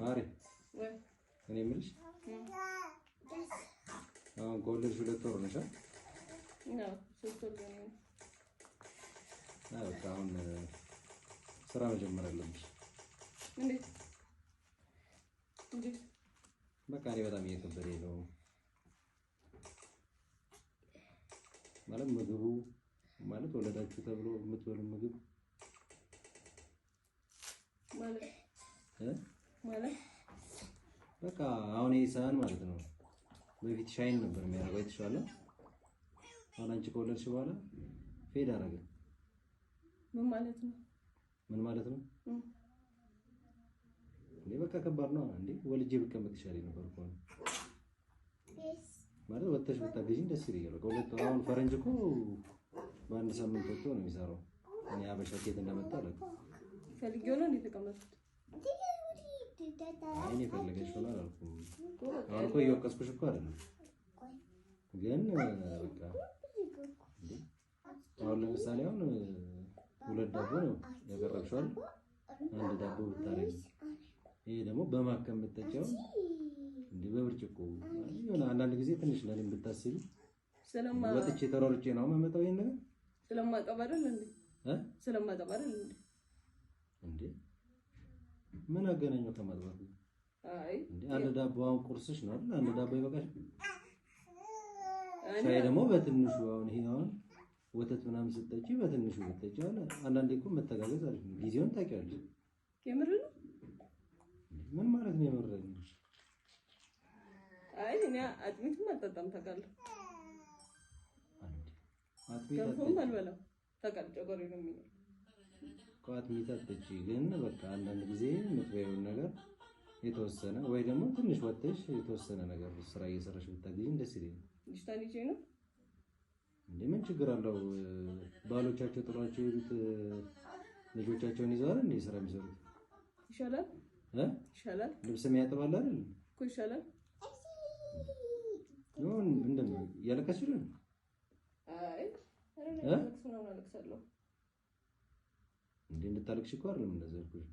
ማሪ እኔ የምልሽ አሁን ከወለድሽ ሁለት ወር ነሽ በቃ አሁን ስራ መጀመር አለብሽ በቃ እኔ በጣም እየከበደኝ ነው ማለት ምግቡ ማለት ወለዳችሁ ተብሎ የምትበሉ ምግብ በቃ አሁን ይሄ ሰሃን ማለት ነው። በፊት ሻይን ነበር የሚያደርገው የተሻለ። አሁን አንቺ ከወለድሽ በኋላ ፌድ አደረገ። ምን ማለት ነው? ምን ማለት ነው? እኔ በቃ ከባድ ነው እንዴ! ወልጄ ብቀመጥ ይሻለኝ ነበር እኮ ማለት ወጥተሽ ብታገዥኝ ደስ ይለኛል። በቃ ሁለት አሁን ፈረንጅ እኮ በአንድ ሳምንት ወጥቶ ነው የሚሰራው። እኔ አበሻ ኬት እንደመጣ አለ ፈልጌው ነው የተቀመጡት እኔ ፈለገሽ ሆነ አላልኩም። አሁን እኮ እየወቀስኩሽ እኮ አይደለም፣ ግን በቃ አሁን ለምሳሌ አሁን ሁለት ዳቦ ነው ያቀረብሽዋል። አንድ ዳቦ ብታረጊ፣ ይሄ ደግሞ በማከም ብትጨው እንደ በብርጭቆ የሆነ አንዳንድ ጊዜ ትንሽ ለኔ ብታስቢ ወጥቼ ተሯርጬ ነው የማመጣው ይሄን ነገር ስለማቀበረን እንዴ እ ስለማቀበረን እንዴ ምን አገናኘው ከማጥባት? አይ አንድ ዳቦ አሁን ቁርስሽ ነው አይደል? አንድ ዳቦ ይበቃሽ። ሻይ ደግሞ በትንሹ አሁን ይሄ አሁን ወተት ምናምን ስትጠጪ በትንሹ ብትጠጪ አለ። አንዳንዴ እኮ መተጋገዝ አለ። ጊዜውን ታውቂያለሽ። የምር ነው። ምን ማለት ነው የምር ነው? አይ እኔ አጥሚትም አልጠጣም ታውቃለህ። አጥሚት አልበላም ታውቃለህ። ጨጓራዬ ነው የሚለው ቋት ሚጠጥጪ ግን በቃ አንዳንድ ጊዜ የምትበይውን ነገር የተወሰነ ወይ ደግሞ ትንሽ ወጥተሽ የተወሰነ ነገር ስራ እየሰራሽ ብታገኝ ደስ ይለኛል። ነው እንዴ? ምን ችግር አለው? ባሎቻቸው ጥሏቸው የሄዱት ልጆቻቸውን ይዘዋል እንዴ ስራ የሚሰሩት ይሻላል እ ይሻላል ልብስ የሚያጥባል አይደል እኮ ይሻላል። ምን እንደምን ያለቀስሽ አይ አረ ነው እንዴ እንድታለቅሽ እኮ አይደለም እንደዚህ ያልኩሽ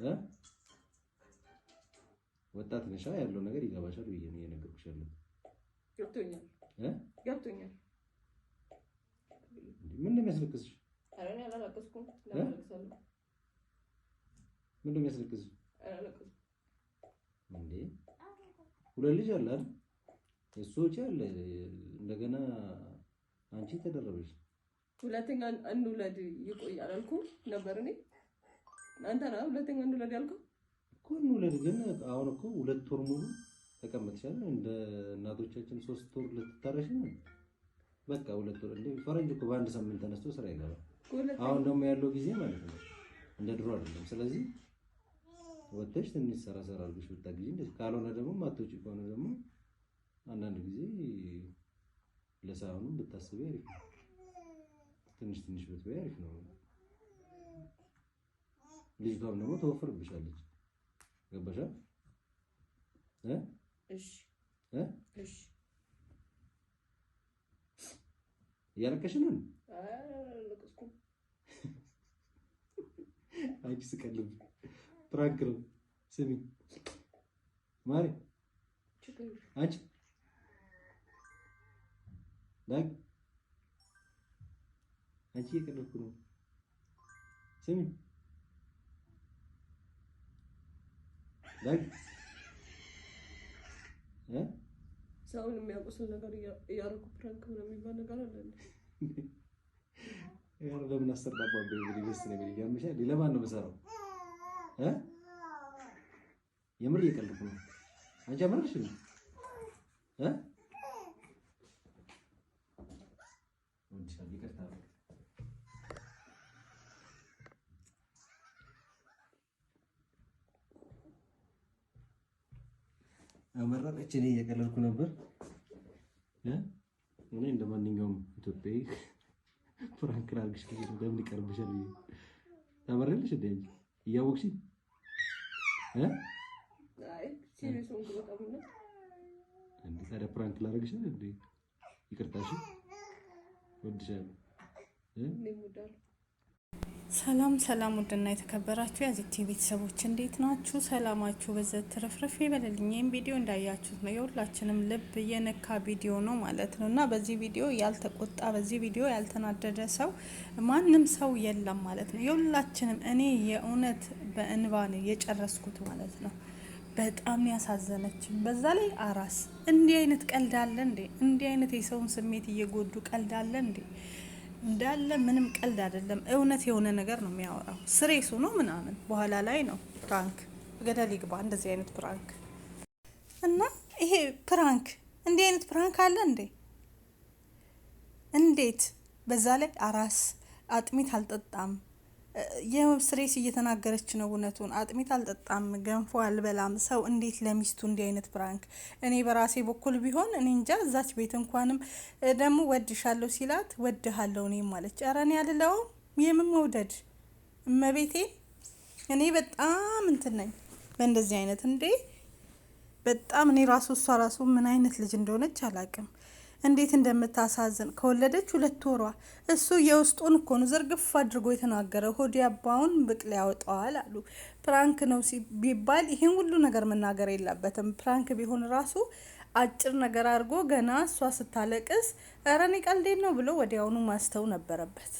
እ ወጣት ነሻ ያለው ነገር ይገባሻል ብዬ ነው የነገርኩሽ። ያለው ገብቶኛል እ ገብቶኛል ምን ነው የሚያስለቅስሽ? ኧረ እኔ አላለቀስኩም። ምን ነው የሚያስለቅስሽ? አላለቀስኩም እንዴ ሁለት ልጅ አለ አይደል? እሱ አለ እንደገና አንቺ ተደረበሽ ሁለተኛ እንውለድ ይቆያል አልኩ ነበር እኔ አንተ ና ሁለተኛ እንውለድ ያልከው እኮ እንውለድ ግን አሁን እኮ ሁለት ወር ሙሉ ተቀምጥሻል እንደ እናቶቻችን ሶስት ወር ልትታረሽ ነው በቃ ሁለት ወር እንደ ፈረንጅ እኮ በአንድ ሳምንት ተነስቶ ስራ ይገባል አሁን ደግሞ ያለው ጊዜ ማለት ነው እንደ ድሮ አይደለም ስለዚህ ወጥተሽ ትንሽ ሰራ ሰራ አድርገሽ ብታግዢ እንደዚህ ካልሆነ ደግሞ ማትወጪ ከሆነ ደግሞ አንዳንድ ጊዜ ለሳሁኑ ብታስቢ አሪፍ ነው ትንሽ ትንሽ ብትበይ አሪፍ ነው። ልጅቷም ደግሞ ተወፍርብሻለች። ገባሻ? እሺ እ አንቺ ስቀልብ ፕራንክ ነው። ስሚ ማሪ አንቺ አጂ እየቀለድኩ ነው። ስሚ ሰውን የሚያቆስል ነገር እያደረኩ ፕራንክ ነው የሚባል ነገር አለ። ያው ለምን አሰራባ በዚህ ደስ ነገር ይገምሻል። ለማን ነው የምሰራው? የምር እየቀለድኩ ነው። አንቺ አመረሽ ነው እ አመረጠች። እኔ እየቀለድኩ ነበር። እኔ እንደማንኛውም ኢትዮጵያዊ ፍራንክ ላድርግሽ ብዬሽ ነው። ለምን ይቀርብሻል? ታመሪያለሽ እንደ አንቺ እያወቅሽ እንደ ታዲያ ፍራንክ ላድርግሽ እንደ ይቅርታሽ ወድሻለሁ። ሰላም ሰላም፣ ውድና የተከበራችሁ የዚቲ ቤተሰቦች እንዴት ናችሁ? ሰላማችሁ በዘት ትርፍርፍ ይበልልኝ። ይህም ቪዲዮ እንዳያችሁት ነው የሁላችንም ልብ የነካ ቪዲዮ ነው ማለት ነው እና በዚህ ቪዲዮ ያልተቆጣ በዚህ ቪዲዮ ያልተናደደ ሰው ማንም ሰው የለም ማለት ነው። የሁላችንም እኔ የእውነት በእንባ ነው የጨረስኩት ማለት ነው። በጣም ያሳዘነች በዛ ላይ አራስ። እንዲህ አይነት ቀልድ አለ እንዴ? እንዲህ አይነት የሰውን ስሜት እየጎዱ ቀልድ አለ እንዴ? እንዳለ ምንም ቀልድ አይደለም። እውነት የሆነ ነገር ነው የሚያወራው። ስሬሱ ነው ምናምን በኋላ ላይ ነው ፕራንክ ገደል ይግባ እንደዚህ አይነት ፕራንክ እና ይሄ ፕራንክ እንዲህ አይነት ፕራንክ አለ እንዴ? እንዴት በዛ ላይ አራስ አጥሚት አልጠጣም የስትሬስ እየተናገረች ነው እውነቱን። አጥሚት አልጠጣም፣ ገንፎ አልበላም። ሰው እንዴት ለሚስቱ እንዲህ አይነት ፕራንክ! እኔ በራሴ በኩል ቢሆን እኔ እንጃ። እዛች ቤት እንኳንም ደግሞ ወድሻለሁ ሲላት ወድሃለሁ እኔም ማለች። ኧረ እኔ አልለውም። የምን መውደድ እመቤቴ! እኔ በጣም እንትን ነኝ በእንደዚህ አይነት እንዴ! በጣም እኔ ራሱ እሷ ራሱ ምን አይነት ልጅ እንደሆነች አላቅም። እንዴት እንደምታሳዝን ከወለደች ሁለት ወሯ። እሱ የውስጡን እኮ ነው ዘርግፍ አድርጎ የተናገረ ሆድ ያባውን ብቅል ያወጣዋል አሉ። ፕራንክ ነው ቢባል ይህን ሁሉ ነገር መናገር የለበትም። ፕራንክ ቢሆን ራሱ አጭር ነገር አድርጎ ገና እሷ ስታለቅስ ኧረ እኔ ቀልዴን ነው ብሎ ወዲያውኑ ማስተው ነበረበት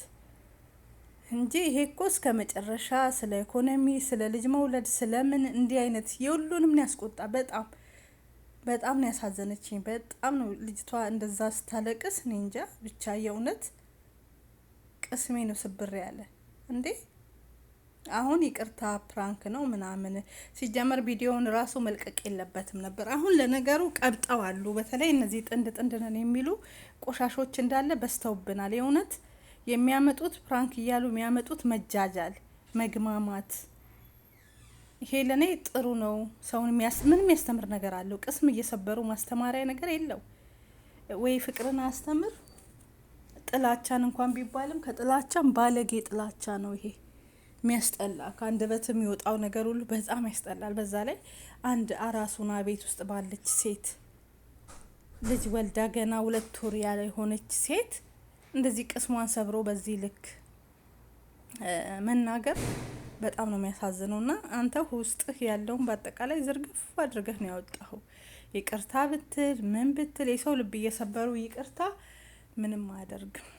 እንጂ ይሄ እኮ እስከ መጨረሻ ስለ ኢኮኖሚ፣ ስለ ልጅ መውለድ፣ ስለምን እንዲህ አይነት የሁሉንም ያስቆጣ በጣም በጣም ነው ያሳዘነችኝ። በጣም ነው ልጅቷ እንደዛ ስታለቅስ፣ እኔ እንጃ ብቻ የእውነት ቅስሜ ነው ስብር ያለ እንዴ። አሁን ይቅርታ ፕራንክ ነው ምናምን ሲጀመር ቪዲዮውን ራሱ መልቀቅ የለበትም ነበር። አሁን ለነገሩ ቀብጠው አሉ። በተለይ እነዚህ ጥንድ ጥንድ ነን የሚሉ ቆሻሾች እንዳለ በስተውብናል። የእውነት የሚያመጡት ፕራንክ እያሉ የሚያመጡት መጃጃል፣ መግማማት ይሄ ለእኔ ጥሩ ነው። ሰውን ምን የሚያስተምር ነገር አለው። ቅስም እየሰበሩ ማስተማሪያ ነገር የለው ወይ? ፍቅርን አስተምር ጥላቻን እንኳን ቢባልም ከጥላቻን ባለጌ ጥላቻ ነው ይሄ የሚያስጠላ በት የሚወጣው ነገር ሁሉ በጣም ያስጠላል። በዛ ላይ አንድ አራሱና ቤት ውስጥ ባለች ሴት ልጅ ወልዳ ገና ሁለት ወር ያለ የሆነች ሴት እንደዚህ ቅስሟን ሰብሮ በዚህ ልክ መናገር በጣም ነው የሚያሳዝነው። እና አንተ ውስጥህ ያለውን በአጠቃላይ ዝርግፍ አድርገህ ነው ያወጣኸው። ይቅርታ ብትል ምን ብትል የሰው ልብ እየሰበሩ ይቅርታ ምንም አያደርግም።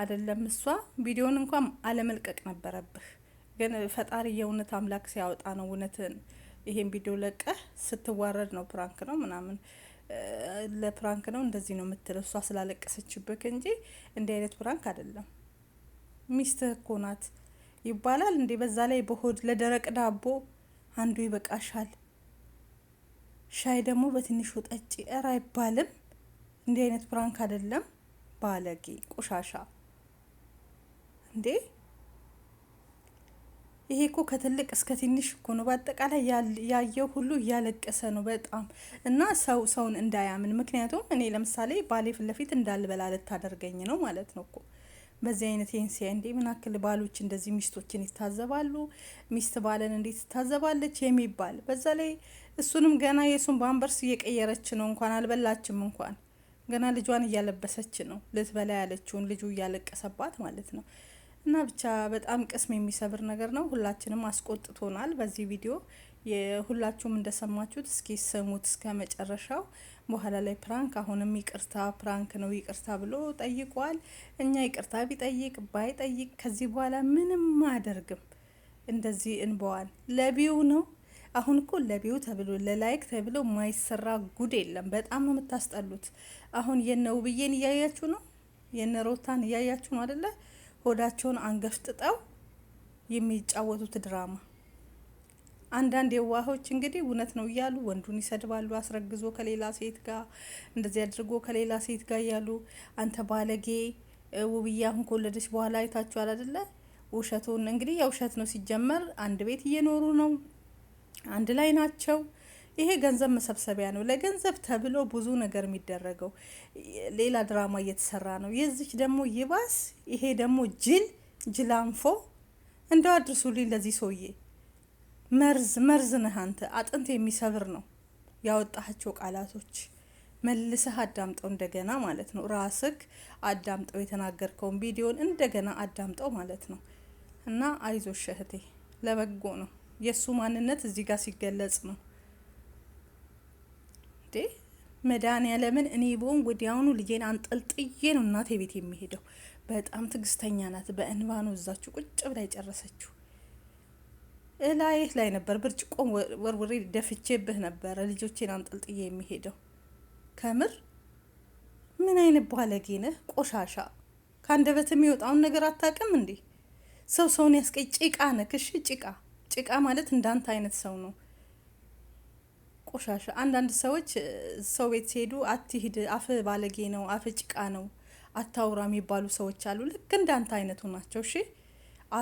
አይደለም እሷ ቪዲዮን እንኳን አለመልቀቅ ነበረብህ፣ ግን ፈጣሪ የእውነት አምላክ ሲያወጣ ነው እውነትን። ይሄን ቪዲዮ ለቀህ ስትዋረድ ነው ፕራንክ ነው ምናምን ለፕራንክ ነው እንደዚህ ነው የምትለው እሷ ስላለቀሰችብህ እንጂ እንዲህ አይነት ፕራንክ አይደለም። ሚስትህ እኮ ናት። ይባላል እንዴ? በዛ ላይ በሆድ ለደረቅ ዳቦ አንዱ ይበቃሻል። ሻይ ደግሞ በትንሹ ጠጪ። እረ አይባልም። እንዲህ አይነት ፕራንክ አይደለም። ባለጌ ቆሻሻ እንዴ! ይሄ እኮ ከትልቅ እስከ ትንሽ እኮ ነው። በአጠቃላይ ያየው ሁሉ እያለቀሰ ነው በጣም እና ሰው ሰውን እንዳያምን ምክንያቱም እኔ ለምሳሌ ባሌ ፊት ለፊት እንዳልበላ ልታደርገኝ ነው ማለት ነው እኮ በዚህ አይነት ይህን ሲያ እንዴ ምን ባሎች እንደዚህ ሚስቶችን ይታዘባሉ፣ ሚስት ባለን እንዴት ትታዘባለች የሚባል በዛ ላይ እሱንም ገና የእሱን ባንበርስ እየቀየረች ነው። እንኳን አልበላችም፣ እንኳን ገና ልጇን እያለበሰች ነው ልትበላ ያለችውን ልጁ እያለቀሰባት ማለት ነው። እና ብቻ በጣም ቅስም የሚሰብር ነገር ነው። ሁላችንም አስቆጥቶናል በዚህ ቪዲዮ። ሁላችሁም እንደሰማችሁት እስኪ ስሙት እስከ መጨረሻው በኋላ ላይ ፕራንክ አሁንም ይቅርታ ፕራንክ ነው ይቅርታ ብሎ ጠይቋል። እኛ ይቅርታ ቢጠይቅ ባይጠይቅ ከዚህ በኋላ ምንም አያደርግም። እንደዚህ እንበዋል። ለቢው ነው አሁን እኮ ለቢው ተብሎ ለላይክ ተብሎ ማይሰራ ጉድ የለም። በጣም ነው የምታስጠሉት። አሁን የነ ውብዬን እያያችሁ ነው፣ የነ ሮታን እያያችሁ ነው አደለ? ሆዳቸውን አንገፍጥጠው የሚጫወቱት ድራማ አንዳንድ የዋሆች እንግዲህ እውነት ነው እያሉ ወንዱን ይሰድባሉ። አስረግዞ ከሌላ ሴት ጋር እንደዚህ አድርጎ ከሌላ ሴት ጋር እያሉ አንተ ባለጌ ውብዬ አሁን ከወለደች በኋላ አይታችኋል አይደለ? ውሸቱን እንግዲህ የውሸት ውሸት ነው ሲጀመር። አንድ ቤት እየኖሩ ነው፣ አንድ ላይ ናቸው። ይሄ ገንዘብ መሰብሰቢያ ነው። ለገንዘብ ተብሎ ብዙ ነገር የሚደረገው ሌላ ድራማ እየተሰራ ነው። የዚች ደግሞ ይባስ። ይሄ ደግሞ ጅል ጅላንፎ። እንደው አድርሱልኝ ለዚህ ሰውዬ። መርዝ መርዝ ነህ አንተ። አጥንት የሚሰብር ነው ያወጣቸው ቃላቶች። መልሰህ አዳምጠው እንደገና ማለት ነው። ራስህ አዳምጠው የተናገርከውን ቪዲዮን እንደገና አዳምጠው ማለት ነው። እና አይዞሽ እህቴ፣ ለበጎ ነው። የእሱ ማንነት እዚህ ጋር ሲገለጽ ነው እንዴ መድኃኒዓለምን እኔ በሆን ወዲያውኑ ልጄን አንጠልጥዬ ነው እናቴ ቤት የሚሄደው። በጣም ትግስተኛ ናት። በእንባ ነው እዛችሁ ቁጭ ብላ የጨረሰችው። እላይህ ላይ ነበር ብርጭቆን ወርውሬ ደፍቼብህ ነበረ። ልጆቼን አንጠልጥዬ የሚሄደው ከምር ምን አይነት ባለጌ ነህ? ቆሻሻ ከአንደበት የሚወጣውን ነገር አታውቅም እንዴ? ሰው ሰውን ያስቀይ ጭቃ ነህ። እሺ ጭቃ ጭቃ ማለት እንዳንተ አይነት ሰው ነው። ቆሻሻ አንዳንድ ሰዎች ሰው ቤት ሲሄዱ አትሂድ፣ አፍ ባለጌ ነው፣ አፍ ጭቃ ነው፣ አታውራ የሚባሉ ሰዎች አሉ። ልክ እንዳንተ አይነቱ ናቸው። እሺ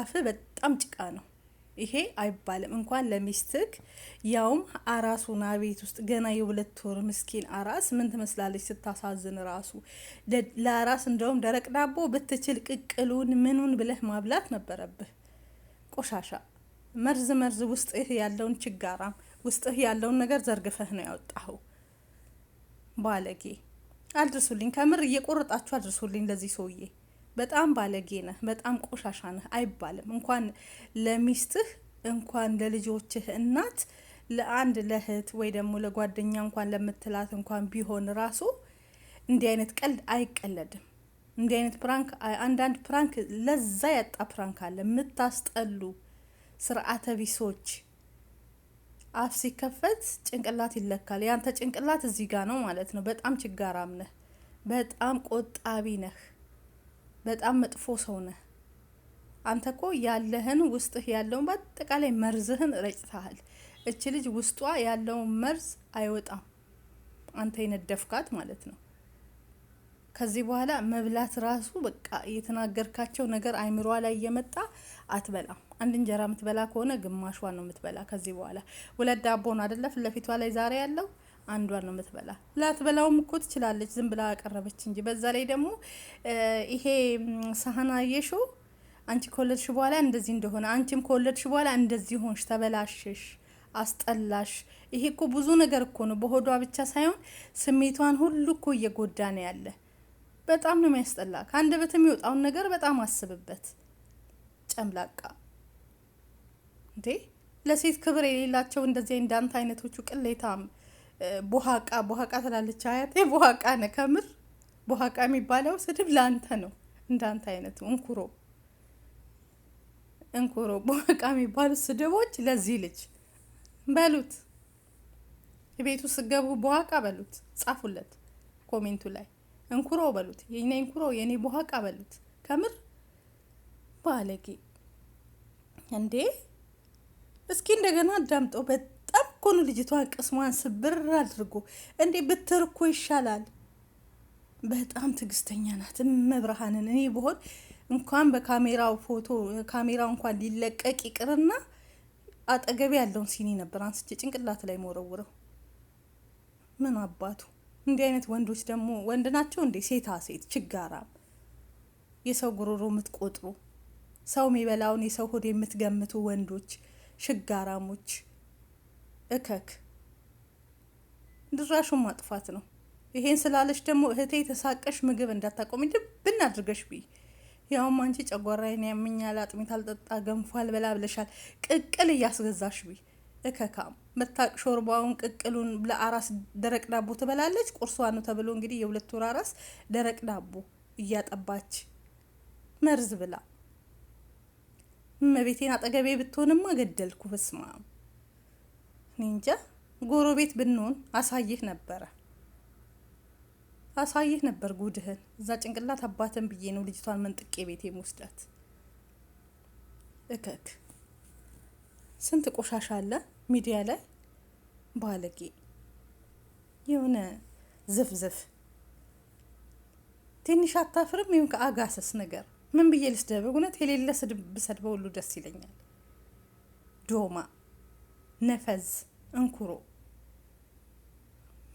አፍ በጣም ጭቃ ነው። ይሄ አይባልም። እንኳን ለሚስትክ ያውም አራሱና ቤት ውስጥ ገና የሁለት ወር ምስኪን አራስ ምን ትመስላለች? ስታሳዝን ራሱ ለአራስ እንደውም ደረቅ ዳቦ ብትችል ቅቅሉን ምኑን ብለህ ማብላት ነበረብህ። ቆሻሻ መርዝ መርዝ ውስጥህ ያለውን ችጋራም ውስጥህ ያለውን ነገር ዘርግፈህ ነው ያወጣኸው። ባለጌ አድርሱልኝ፣ ከምር እየቆረጣችሁ አድርሱልኝ ለዚህ ሰውዬ። በጣም ባለጌ ነህ፣ በጣም ቆሻሻ ነህ አይባልም። እንኳን ለሚስትህ እንኳን ለልጆችህ እናት ለአንድ ለእህት ወይ ደግሞ ለጓደኛ እንኳን ለምትላት እንኳን ቢሆን ራሱ እንዲህ አይነት ቀልድ አይቀለድም። እንዲህ አይነት ፕራንክ፣ አንዳንድ ፕራንክ ለዛ ያጣ ፕራንክ አለ። የምታስጠሉ ስርዓተ ቢሶች። አፍ ሲከፈት ጭንቅላት ይለካል። ያንተ ጭንቅላት እዚህ ጋ ነው ማለት ነው። በጣም ችጋራም ነህ፣ በጣም ቆጣቢ ነህ። በጣም መጥፎ ሰው ነህ። አንተ ኮ ያለህን ውስጥህ ያለውን በአጠቃላይ መርዝህን ረጭተሃል። እች ልጅ ውስጧ ያለውን መርዝ አይወጣም፣ አንተ የነደፍካት ማለት ነው። ከዚህ በኋላ መብላት ራሱ በቃ የተናገርካቸው ነገር አይምሯ ላይ እየመጣ አትበላም። አንድ እንጀራ የምትበላ ከሆነ ግማሿ ነው የምትበላ ከዚህ በኋላ። ሁለት ዳቦ ነው አደለ ፊት ለፊቷ ላይ ዛሬ ያለው አንዷን ነው የምትበላ። ላትበላውም እኮ ትችላለች፣ ዝም ብላ አቀረበች እንጂ። በዛ ላይ ደግሞ ይሄ ሳህና የሾ አንቺ ከወለድሽ በኋላ እንደዚህ እንደሆነ፣ አንቺም ከወለድሽ በኋላ እንደዚህ ሆንሽ፣ ተበላሽሽ፣ አስጠላሽ። ይሄ እኮ ብዙ ነገር እኮ ነው። በሆዷ ብቻ ሳይሆን ስሜቷን ሁሉ እኮ እየጎዳ ነው ያለ። በጣም ነው የሚያስጠላ። በት የሚወጣውን ነገር በጣም አስብበት። ጨምላቃ እንዴ! ለሴት ክብር የሌላቸው እንደዚህ እንዳንተ አይነቶቹ ቅሌታም ቦሃቃ ቦሃቃ ትላለች አያቴ። ቦሃቃ ነህ ከምር። ቦሃቃ የሚባለው ስድብ ለአንተ ነው፣ እንዳንተ አይነቱ እንኩሮ እንኩሮ። ቦሃቃ የሚባሉት ስድቦች ለዚህ ልጅ በሉት። ቤቱ ስገቡ ቦሃቃ በሉት፣ ጻፉለት ኮሜንቱ ላይ እንኩሮ በሉት፣ የኔ እንኩሮ፣ የኔ ቦሃቃ በሉት። ከምር ባለጌ እንዴ! እስኪ እንደገና አዳምጠው። እኮ ነው ልጅቷን ቅስሟን ስብር አድርጎ እንዴ ብትር እኮ ይሻላል። በጣም ትዕግስተኛ ናት መብርሃንን። እኔ ብሆን እንኳን በካሜራው ፎቶ ካሜራው እንኳን ሊለቀቅ ይቅርና አጠገቤ ያለውን ሲኒ ነበር አንስቼ ጭንቅላት ላይ መወረውረው። ምን አባቱ እንዲህ አይነት ወንዶች ደግሞ ወንድ ናቸው እንዴ? ሴታ ሴት ችጋራ የሰው ጉሮሮ የምትቆጥሩ ሰው የሚበላውን የሰው ሆድ የምትገምቱ ወንዶች ችጋራሞች። እከክ ድራሹን ማጥፋት ነው። ይሄን ስላለች ደግሞ እህቴ የተሳቀሽ ምግብ እንዳታቆሚ ድብን አድርገሽ ብይ። ያውም አንቺ ጨጓራዬን ያምኛል፣ አጥሚት አልጠጣ፣ ገንፎ አልበላ ብለሻል። ቅቅል እያስገዛሽ ብይ። እከካም መታቅ ሾርባውን ቅቅሉን ለአራስ ደረቅ ዳቦ ትበላለች። ቁርሷ ነው ተብሎ እንግዲህ የሁለት ወር አራስ ደረቅ ዳቦ እያጠባች መርዝ ብላ እመቤቴን አጠገቤ ብትሆንማ ገደልኩ። በስመ አብ እንጃ ጎረቤት ብንሆን አሳይህ ነበረ አሳይህ ነበር ጉድህን። እዛ ጭንቅላት አባተን ብዬ ነው ልጅቷን መንጥቄ ቤቴ መውስዳት። እከክ ስንት ቆሻሻ አለ ሚዲያ ላይ ባለጌ የሆነ ዝፍዝፍ ትንሽ አታፍርም? ይሁን ከአጋሰስ ነገር ምን ብዬ ልስደብ? እውነት የሌለ ስድብ ብሰድበው ሁሉ ደስ ይለኛል። ዶማ ነፈዝ እንኩሮ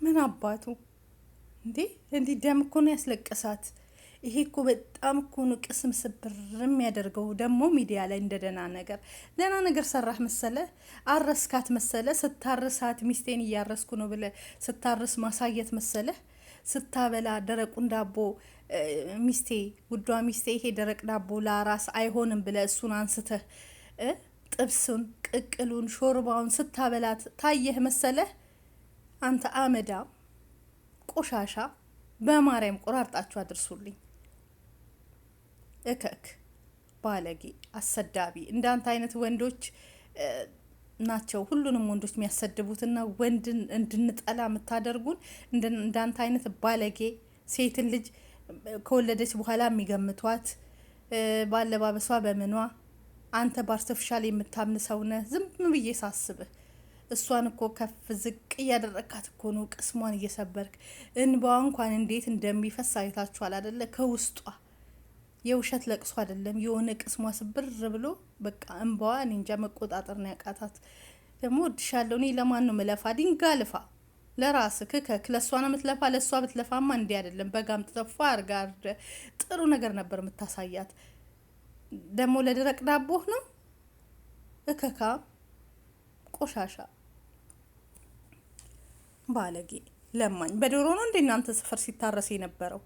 ምን አባቱ እንዴ! እንዲህ ደም እኮ ነው ያስለቀሳት። ይሄ እኮ በጣም እኮ ነው ቅስም ስብር የሚያደርገው። ደግሞ ሚዲያ ላይ እንደ ደህና ነገር ደህና ነገር ሰራህ መሰለ፣ አረስካት መሰለ፣ ስታርሳት ሚስቴን እያረስኩ ነው ብለህ ስታርስ ማሳየት መሰለ፣ ስታበላ ደረቁን ዳቦ ሚስቴ፣ ውዷ ሚስቴ፣ ይሄ ደረቅ ዳቦ ላራስ አይሆንም ብለ እሱን አንስተህ ጥብሱን ቅቅሉን ሾርባውን ስታበላት ታየህ መሰለህ? አንተ አመዳ ቆሻሻ፣ በማርያም ቆራርጣችሁ አድርሱልኝ። እከክ ባለጌ፣ አሰዳቢ እንዳንተ አይነት ወንዶች ናቸው ሁሉንም ወንዶች የሚያሰድቡትና ወንድን እንድንጠላ የምታደርጉን እንዳንተ አይነት ባለጌ ሴትን ልጅ ከወለደች በኋላ የሚገምቷት በአለባበሷ በምኗ አንተ በአርተፊሻል የምታምን ሰውነህ ዝም ብዬ ሳስብህ እሷን እኮ ከፍ ዝቅ እያደረግካት እኮ ነው ቅስሟን እየሰበርክ። እንባዋ እንኳን እንዴት እንደሚፈስ አይታችኋል አደለ? ከውስጧ የውሸት ለቅሶ አደለም፣ የሆነ ቅስሟ ስብር ብሎ በቃ እንባዋ እኔ እንጃ መቆጣጠር ነው ያቃታት። ደግሞ ወድሻለሁ፣ እኔ ለማን ነው መለፋ? ድንጋ ልፋ ለራስ ክከክ ለእሷ ነው የምትለፋ። ለእሷ ብትለፋማ እንዲህ አይደለም። በጋም ጥጠፋ አርጋ ጥሩ ነገር ነበር የምታሳያት። ደግሞ ለደረቅ ዳቦህ ነው እከካ ቆሻሻ ባለጌ ለማኝ በዶሮ ነው እንዴ እናንተ ሰፈር ሲታረስ የነበረው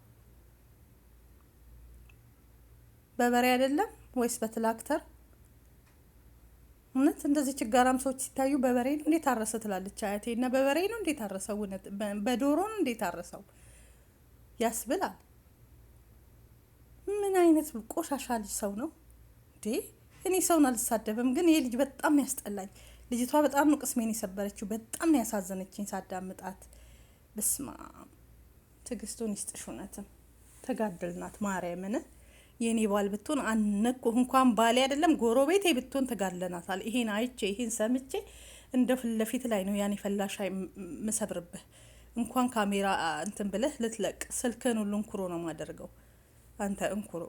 በበሬ አይደለም ወይስ በትላክተር? እውነት እንደዚህ ችጋራም ሰዎች ሲታዩ በበሬ ነው እንዴት አረሰ ትላለች አያቴ። እና በበሬ ነው እንዴት አረሰው እውነት በዶሮ ነው እንዴት አረሰው ያስብላል። ምን አይነት ቆሻሻ ልጅ ሰው ነው እንዴ? እኔ ሰውን አልሳደብም፣ ግን ይሄ ልጅ በጣም ያስጠላኝ። ልጅቷ በጣም ነው ቅስሜን የሰበረችው። በጣም ያሳዘነችኝ ሳዳምጣት። ብስማ ትግስቱን ይስጥሽ። እውነትም ተጋደልናት ማርያምን። የእኔ ባል ብትሆን አነኩ እንኳን ባሌ አይደለም ጎረቤቴ ብትሆን ተጋድለናታል። ይሄን አይቼ ይሄን ሰምቼ እንደ ፊት ለፊት ላይ ነው ያኔ ፈላሻ ምሰብርብህ። እንኳን ካሜራ እንትን ብለህ ልትለቅ ስልክህን ሁሉን ኩሮ ነው ማደርገው አንተ እንኩሮ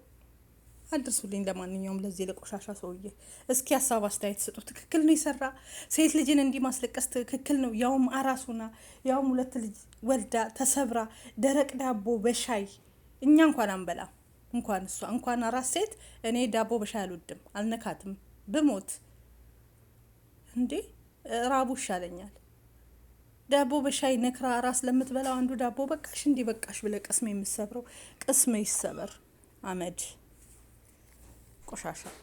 አድርሱልኝ። ለማንኛውም ለዚህ ለቆሻሻ ሰውዬ እስኪ ሀሳብ አስተያየት ስጡ። ትክክል ነው የሰራ ሴት ልጅን እንዲህ ማስለቀስ ትክክል ነው? ያውም አራሱና ያውም ሁለት ልጅ ወልዳ ተሰብራ ደረቅ ዳቦ በሻይ እኛ እንኳን አንበላም። እንኳን እሷ እንኳን አራስ ሴት እኔ ዳቦ በሻይ አልወድም፣ አልነካትም። ብሞት እንዴ ራቡ ይሻለኛል። ዳቦ በሻይ ነክራ ራስ ለምትበላው አንዱ ዳቦ በቃሽ እንዲህ በቃሽ ብለ ቅስም የምትሰብረው ቅስም ይሰበር። አመድ ቆሻሻ